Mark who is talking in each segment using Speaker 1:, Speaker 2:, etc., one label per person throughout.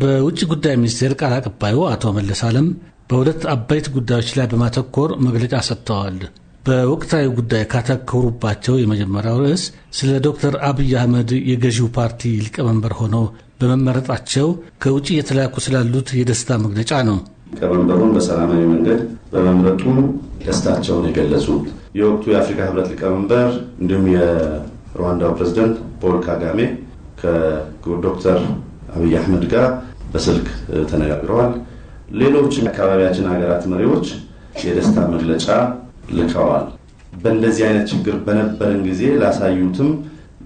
Speaker 1: በውጭ ጉዳይ ሚኒስቴር ቃል አቀባዩ አቶ መለስ አለም በሁለት አበይት ጉዳዮች ላይ በማተኮር መግለጫ ሰጥተዋል። በወቅታዊ ጉዳይ ካተኮሩባቸው የመጀመሪያው ርዕስ ስለ ዶክተር አብይ አህመድ የገዢው ፓርቲ ሊቀመንበር ሆነው በመመረጣቸው ከውጭ እየተላኩ ስላሉት የደስታ መግለጫ ነው።
Speaker 2: ሊቀመንበሩን በሰላማዊ መንገድ በመምረጡ ደስታቸውን የገለጹት የወቅቱ የአፍሪካ ህብረት ሊቀመንበር እንዲሁም የሩዋንዳው ፕሬዚደንት ፖል ካጋሜ ከዶክተር አብይ አህመድ ጋር በስልክ ተነጋግረዋል። ሌሎች የአካባቢያችን ሀገራት መሪዎች የደስታ መግለጫ ልከዋል። በእንደዚህ አይነት ችግር በነበረን ጊዜ ላሳዩትም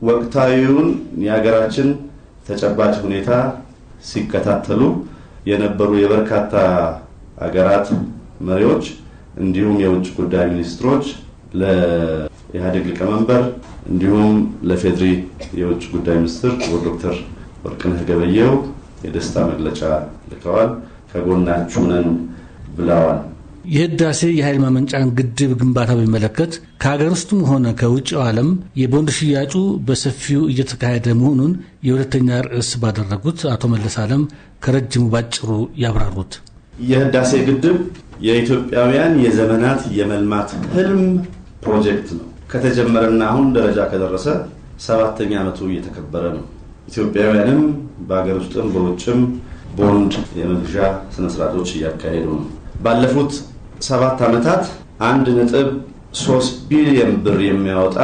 Speaker 2: ወቅታዊውን የሀገራችን ተጨባጭ ሁኔታ ሲከታተሉ የነበሩ የበርካታ ሀገራት መሪዎች እንዲሁም የውጭ ጉዳይ ሚኒስትሮች ለኢህአዴግ ሊቀመንበር እንዲሁም ለፌድሪ የውጭ ጉዳይ ሚኒስትር ዶክተር ወርቅነህ ገበየው የደስታ መግለጫ ልከዋል። ከጎናችሁ ነን ብለዋል።
Speaker 1: የህዳሴ የኃይል ማመንጫን ግድብ ግንባታ በሚመለከት ከሀገር ውስጥም ሆነ ከውጭው ዓለም የቦንድ ሽያጩ በሰፊው እየተካሄደ መሆኑን የሁለተኛ ርዕስ ባደረጉት አቶ መለስ ዓለም ከረጅሙ ባጭሩ ያብራሩት
Speaker 2: የህዳሴ ግድብ የኢትዮጵያውያን የዘመናት የመልማት ህልም ፕሮጀክት ነው። ከተጀመረና አሁን ደረጃ ከደረሰ ሰባተኛ ዓመቱ እየተከበረ ነው። ኢትዮጵያውያንም በሀገር ውስጥም በውጭም ቦንድ የመግዣ ስነስርዓቶች እያካሄዱ ነው። ባለፉት ሰባት ዓመታት አንድ ነጥብ ሶስት ቢሊዮን ብር የሚያወጣ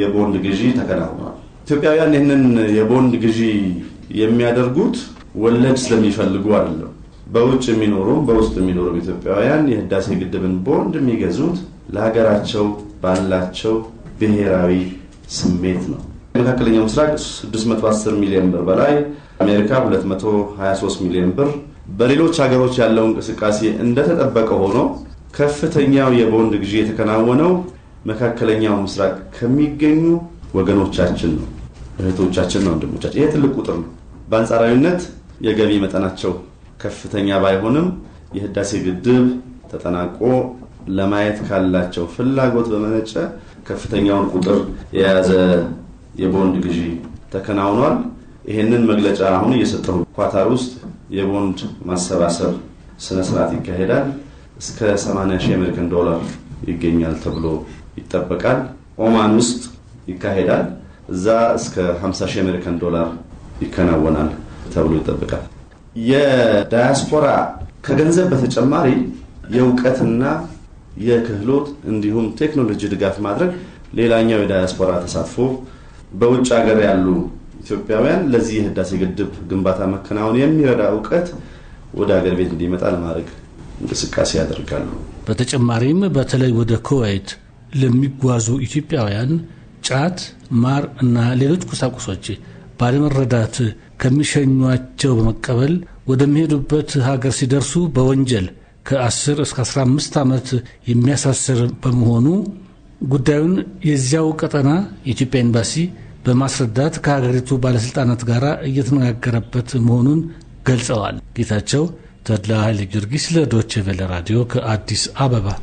Speaker 2: የቦንድ ግዢ ተከናውኗል። ኢትዮጵያውያን ይህንን የቦንድ ግዢ የሚያደርጉት ወለድ ስለሚፈልጉ አይደለም። በውጭ የሚኖሩም በውስጥ የሚኖሩም ኢትዮጵያውያን የህዳሴ ግድብን ቦንድ የሚገዙት ለሀገራቸው ባላቸው ብሔራዊ ስሜት ነው። መካከለኛው ምስራቅ 610 ሚሊዮን ብር በላይ፣ አሜሪካ 223 ሚሊዮን ብር። በሌሎች ሀገሮች ያለው እንቅስቃሴ እንደተጠበቀ ሆኖ ከፍተኛው የቦንድ ግዢ የተከናወነው መካከለኛው ምስራቅ ከሚገኙ ወገኖቻችን ነው፣ እህቶቻችን ነው፣ ወንድሞቻችን። ይሄ ትልቅ ቁጥር ነው። በአንጻራዊነት የገቢ መጠናቸው ከፍተኛ ባይሆንም የህዳሴ ግድብ ተጠናቆ ለማየት ካላቸው ፍላጎት በመነጨ ከፍተኛውን ቁጥር የያዘ የቦንድ ግዢ ተከናውኗል። ይህንን መግለጫ አሁን እየሰጠሁ ኳታር ውስጥ የቦንድ ማሰባሰብ ስነስርዓት ይካሄዳል። እስከ 80 ሺህ አሜሪካን ዶላር ይገኛል ተብሎ ይጠበቃል። ኦማን ውስጥ ይካሄዳል። እዛ እስከ 50 ሺህ አሜሪካን ዶላር ይከናወናል ተብሎ ይጠበቃል። የዳያስፖራ ከገንዘብ በተጨማሪ የእውቀትና የክህሎት እንዲሁም ቴክኖሎጂ ድጋፍ ማድረግ ሌላኛው የዳያስፖራ ተሳትፎ በውጭ ሀገር ያሉ ኢትዮጵያውያን ለዚህ የህዳሴ ግድብ ግንባታ መከናወን የሚረዳ እውቀት ወደ ሀገር ቤት እንዲመጣ ለማድረግ እንቅስቃሴ ያደርጋሉ።
Speaker 1: በተጨማሪም በተለይ ወደ ኩዌት ለሚጓዙ ኢትዮጵያውያን ጫት፣ ማር እና ሌሎች ቁሳቁሶች ባለመረዳት ከሚሸኟቸው በመቀበል ወደሚሄዱበት ሀገር ሲደርሱ በወንጀል ከ10 እስከ 15 ዓመት የሚያሳስር በመሆኑ ጉዳዩን የዚያው ቀጠና የኢትዮጵያ ኤምባሲ በማስረዳት ከሀገሪቱ ባለስልጣናት ጋር እየተነጋገረበት መሆኑን ገልጸዋል። ጌታቸው ተድላ ኃይለ ጊዮርጊስ ለዶቼ ቬለ ራዲዮ ከአዲስ አበባ